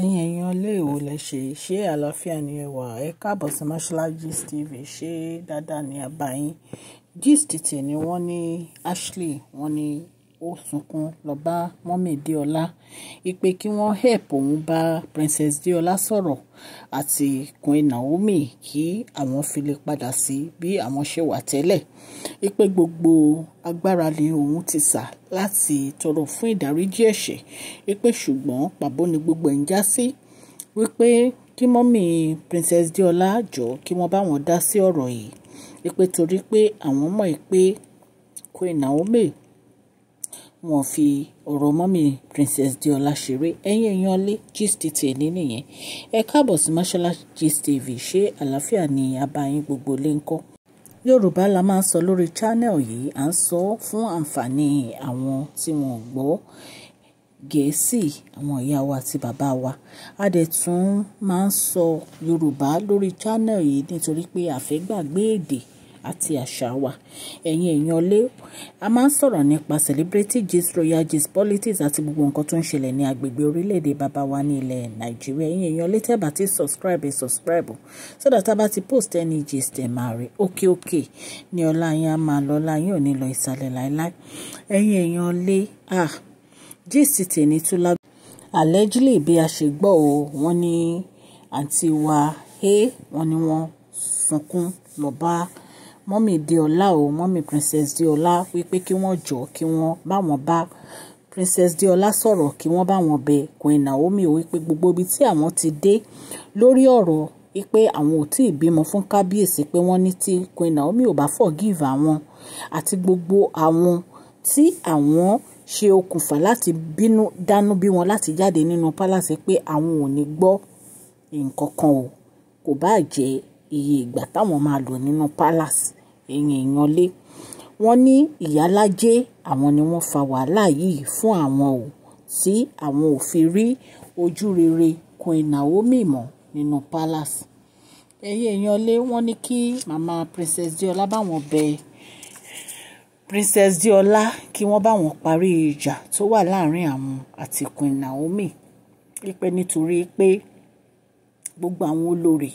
ẹ̀yin ẹ̀yin ọlẹ́ẹ̀wò lẹ ṣe ṣé àlàáfíà ni ẹ wà ẹ káàbọ̀ sí Mashola Gist TV ṣé dáadáa ni a bá yín gist tì ní wọ́n ní Ashley wọ́n ní ó sunkún lọ bá mọ́mì Déọlá ìpè kí wọ́n help òun bá Princess Déọlá sọ̀rọ̀ àti Queen Naomi kí àwọn fi lè padà sí bí àwọn ṣe wà tẹ́lẹ̀ ìpè gbogbo agbára ni òun ti sà láti tọrọ fún ìdáríjì ẹ̀ṣẹ̀ ìpè ṣùgbọ́n pàbó ni gbogbo ẹ̀ ń já sí wípé kí mọ́mì Princess Déọlá jọ kí wọ́n bá wọn dá sí ọ̀rọ̀ yìí ìpè torí pé àwọn mọ̀ pé Queen Naomi wọn fi ọ̀rọ̀ mọ́mì princess diola ṣeré ẹ̀yin èèyàn lé gist tèmi nìyẹn ẹ káàbọ̀ sí mashola gist tv ṣé àlàáfíà ni abayín gbogbo lè ń kọ́ yorùbá la máa ń sọ lórí channel yìí à ń sọ fún àǹfààní àwọn tí wọn ò gbọ́ gẹ̀ẹ́sì àwọn ìyá wa àti bàbá wa a máa ń sọ yorùbá lórí channel yìí nítorí pé àfẹ́gbàgbé èdè àti àṣà wa ẹ̀yin èèyàn lé a máa ń sọ̀rọ̀ nípa celebrity gist royal gist politics àti gbogbo nǹkan tó ń ṣẹlẹ̀ ní agbègbè orílẹ̀-èdè bàbá wa ní ilẹ̀ nàìjíríà ẹ̀yin èèyàn lé tẹ́ bá ti subscribe ẹ̀ subscribe so that a bá ti post any gist ẹ̀ máa rí òkè òkè ní ọlá yín a máa lọ ọlá yín ò ní lọ ìsàlẹ̀ láéláé ẹ̀yin èèyàn lé ah gist tèmi tún lágbó allegedly bí a ṣe gbọ́ o wọ́n ní àǹtí wa ẹ́ wọ́n ní wọ́n sunkún lọ mọ́mì Deola o mọ́mì Princess Deola wípé kí wọ́n jọ kí wọ́n bá wọn bá Princess Deola sọ̀rọ̀ kí wọ́n bá wọn bẹ Queen Naomi o wípé gbogbo ibi tí àwọn ti dé lórí ọ̀rọ̀ wípé àwọn ò tí ì bímọ fún kábíyèsí pé wọ́n ní tí Queen Naomi ò bá forgive àwọn àti gbogbo àwọn tí àwọn ṣe okùnfà láti bínú dánú bí wọn láti jáde nínú pálásì pé àwọn ò ní gbọ́ nǹkan kan o kò bá jẹ́ iye ìgbà táwọn máa lò nínú palace èèyàn lé wọ́n ní ìyálájé àwọn ni wọ́n fa wàhálà yìí fún àwọn ò tí àwọn ò fi rí ojú rere Queen Naomi mọ́ nínú palace ẹ̀yìn èèyàn lé wọ́n ní kí màmá Princess Diola báwọn bẹ Princess Diola kí wọ́n báwọn parí ìjà tó wà láàrin àwọn àti Queen Naomi pípẹ́ nítorí pé gbogbo àwọn olórí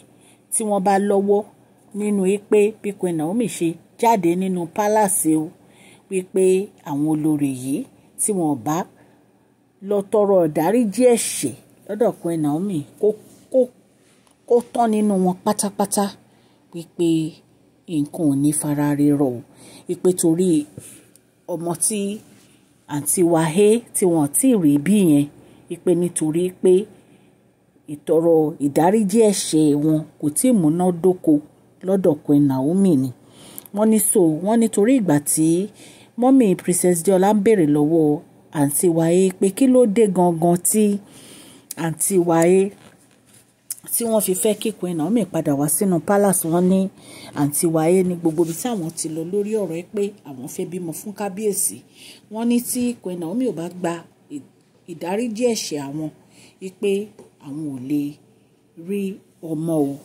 tí wọ́n bá lọ́wọ́ nínú pé bí Queen Naomi ṣe jáde nínú pálàsì o wípé àwọn olórí yìí tí wọ́n bá lọ tọrọ ọ̀dáríjì ẹ̀ṣẹ̀ lọ́dọ̀ Queen Naomi kó kó kó tán nínú wọn pátápátá wípé nǹkan ò ní fara rírọ o wípé torí ọmọ tí àǹtí wáhé tí wọ́n ti rí bí yẹn wípé nítorí pé. Pe, ìtọrọ ìdáríjì ẹ̀ṣẹ̀ wọn kò tí ì múná dóko lọ́dọ̀ Naomi ni wọ́n ní so wọ́n nítorí ìgbà tí mọ́mì Princess diola ń béèrè lọ́wọ́ àǹtí wáyé pé kí ló dé gangan tí àǹtí wáyé tí wọ́n fi fẹ́ kí Naomi padà wá sínú palace wọn ní àǹtí wáyé ní gbogbo ibi tí àwọn ti lọ lórí ọ̀rọ̀ ẹ pé àwọn fẹ́ bímọ fún kábíyèsí wọ́n ní tí Queen Naomi ò bá gba ìdáríjì ẹ̀ṣẹ̀ àwọn ipe àwọn ò lè rí ọmọ o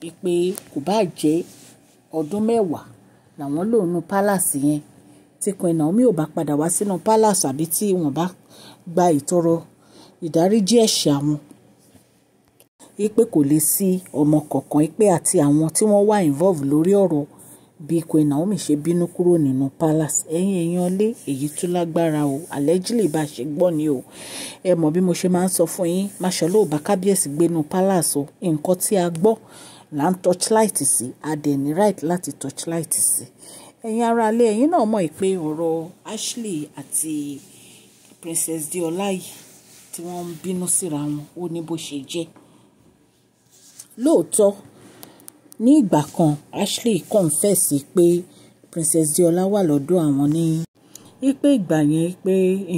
wípé kò bá jẹ́ ọdún mẹ́wàá làwọn lò nu pálàsì yẹn tí Queen Naomi ò bá padà wá sínú pálàsì àbí tí wọ́n bá gba ìtọrọ ìdáríjì ẹ̀ṣẹ̀ àwọn wípé kò lè sí ọmọ kọ̀ọ̀kan wípé àti àwọn tí wọ́n wà involve lórí ọ̀rọ̀ bí Queen Naomi ṣe bínú kúrò nínú palace ẹ̀yin èèyàn lé èyí tún lágbára o allegedly bá ṣe gbọ́ ni o ẹ mọ̀ bí mo ṣe máa ń sọ fún yín maṣọ́lọ́ ò bá kábíyèsí gbénu palace o nǹkan tí a gbọ́ là ń torchlight sí a right láti torchlight sí ẹ̀yin ara lé ẹ̀yin náà mọ̀ pé ọ̀rọ̀ Ashley àti Princess Deola yìí tí wọ́n ń bínú síra wọn ó ní bó ṣe jẹ́ lóòótọ́ ní ìgbà kan ashley kọ́ńfẹ̀sì pé princess diola wà lọ́dọ̀ àwọn ní ipe ìgbà yẹn pé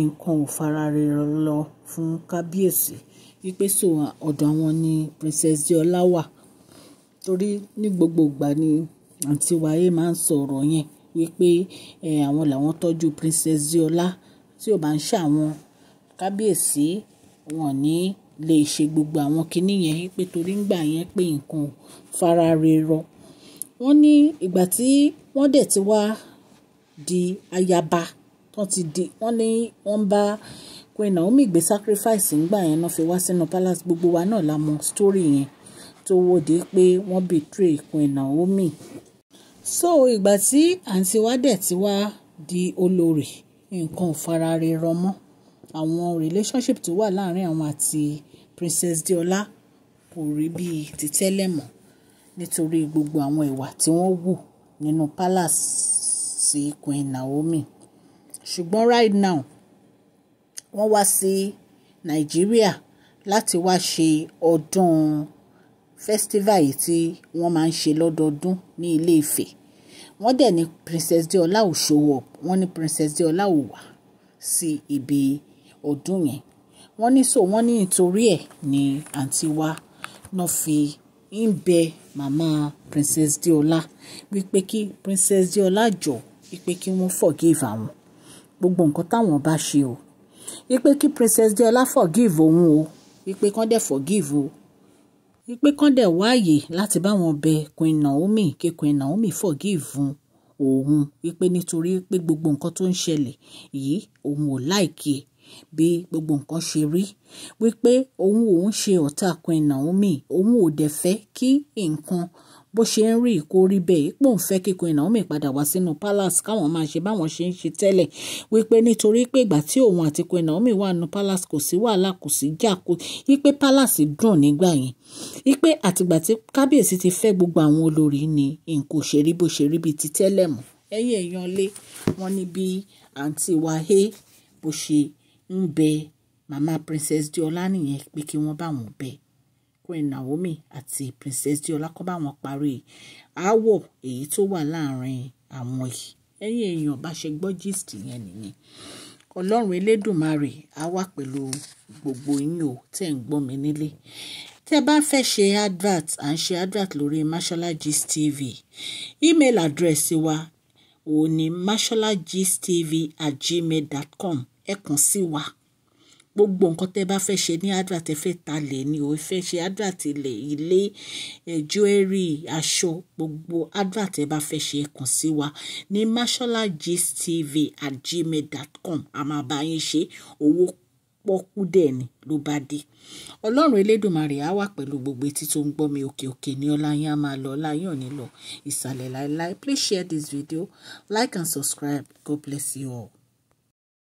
nǹkan ò fara rẹ̀ lọ fún kábíyèsí wípé ọ̀dọ̀ àwọn ni princess diola wà torí ní gbogbo ìgbà ni àǹtí wáyé máa ń sọ̀rọ̀ yẹn wípé àwọn làwọn tọ́jú princess diola tí ò bá ń ṣàwọn kábíyèsí wọn ní lè ṣe gbogbo àwọn kinní yẹn pé torí ń gbà yẹn pé nǹkan ò fara rerọ. Wọ́n ní ìgbà tí wọ́n dẹ̀ ti wá di ayaba tán ti di wọ́n ní wọ́n bá Queen Naomi gbé sacrifice ńgbà yẹn náà fi wá sínú palace gbogbo wa náà la mọ story yẹn tó wòde pé wọ́n betray Queen Naomi. So ìgbà tí àǹtí wa dẹ̀ ti wá di olórí nǹkan ò fara rerọ mọ́ àwọn relationship tó wà láàárín àwọn àti Princess Diola kò rí bí ti tẹ́lẹ̀ mọ́ nítorí gbogbo àwọn ìwà tí wọ́n hù nínú palace sí Queen Naomi ṣùgbọ́n right now wọ́n wá sí Nàìjíríà láti wá ṣe ọdún festival yìí tí wọ́n máa ń ṣe lọ́dọọdún ní Ilé Ifẹ̀ wọ́n dẹ̀ ní Princess Diola ò show up wọ́n ní Princess Diola. ò wá sí ibi ọdún yẹn wọ́n ní so wọ́n ní nítorí ẹ̀ ní àǹtí wa náà fi ń bẹ màmá Princess diola, wípé kí Princess diola jọ wípé kí wọ́n forgive àwọn gbogbo nǹkan táwọn bá ṣe o wípé kí Princess diola forgive òun o wípé kán dẹ̀ forgive o wípé kán dẹ̀ wáàyè láti bá wọn bẹ Queen Naomi kí Queen Naomi forgive òun òun wípé nítorí pé gbogbo nǹkan tó ń ṣẹlẹ̀ yìí òun ò láìkí ẹ̀ e bí gbogbo nǹkan ṣe rí wípé òun òun ṣe ọ̀tá Queen Naomi òun ò dẹ̀ fẹ́ kí nǹkan bó ṣe ń rí ìkó bẹ́ẹ̀ ipò ń fẹ́ kí Queen Naomi padà wá sínú palace káwọn máa ṣe báwọn ṣe ń ṣe tẹ́lẹ̀ wípé nítorí pé ìgbà tí òun àti Queen Naomi wà nù palace kò sí wàhálà kò sí jà kò wípé palace dùn nígbà yẹn wípé àtìgbà tí kábíyèsí ti fẹ́ gbogbo àwọn olórí ni nǹkan ò ṣe rí bó ṣe rí bíi ti tẹ́lẹ̀ mọ́ ẹ̀yìn èèyàn lé wọn ní bí àǹtí wa hé bó ṣe ń bẹ mama princess diola nìyẹn pé kí wọ́n bá wọn bẹ queen naomi àti princess diola kọ́ bá wọn parí aáwọ̀ èyí tó wà láàrin àwọn yìí ẹ̀yin èèyàn bá ṣe gbọ́ gist yẹn nìyẹn ọlọ́run elédùnmarè á wà pẹ̀lú gbogbo yín o tẹ́ ń gbọ́ mi nílé tẹ́ bá fẹ́ ṣe advert à ń ṣe advert lórí mashola tv email address wa òun ni masholagistv at gmail dot com ẹ kàn sí wa gbogbo nǹkan tẹ́ bá fẹ́ ṣe ní advert ẹ fẹ́ ni o ẹ fẹ́ ṣe advert ilẹ̀ ilé jewelry aṣọ gbogbo advert ẹ bá fẹ́ ṣe ẹ kàn sí wa ní masholagist.tv at gmail dot com a máa bá yín ṣe owó pọ́kú dẹ̀ ni ló bá dé ọlọ́run elédùnmarè á wà pẹ̀lú gbogbo etí tó ń gbọ́ mi òkè òkè ní ọláyín á máa lọ ọláyín ò ní lọ ìsàlẹ̀ láéláé please share this video like and subscribe god bless you all.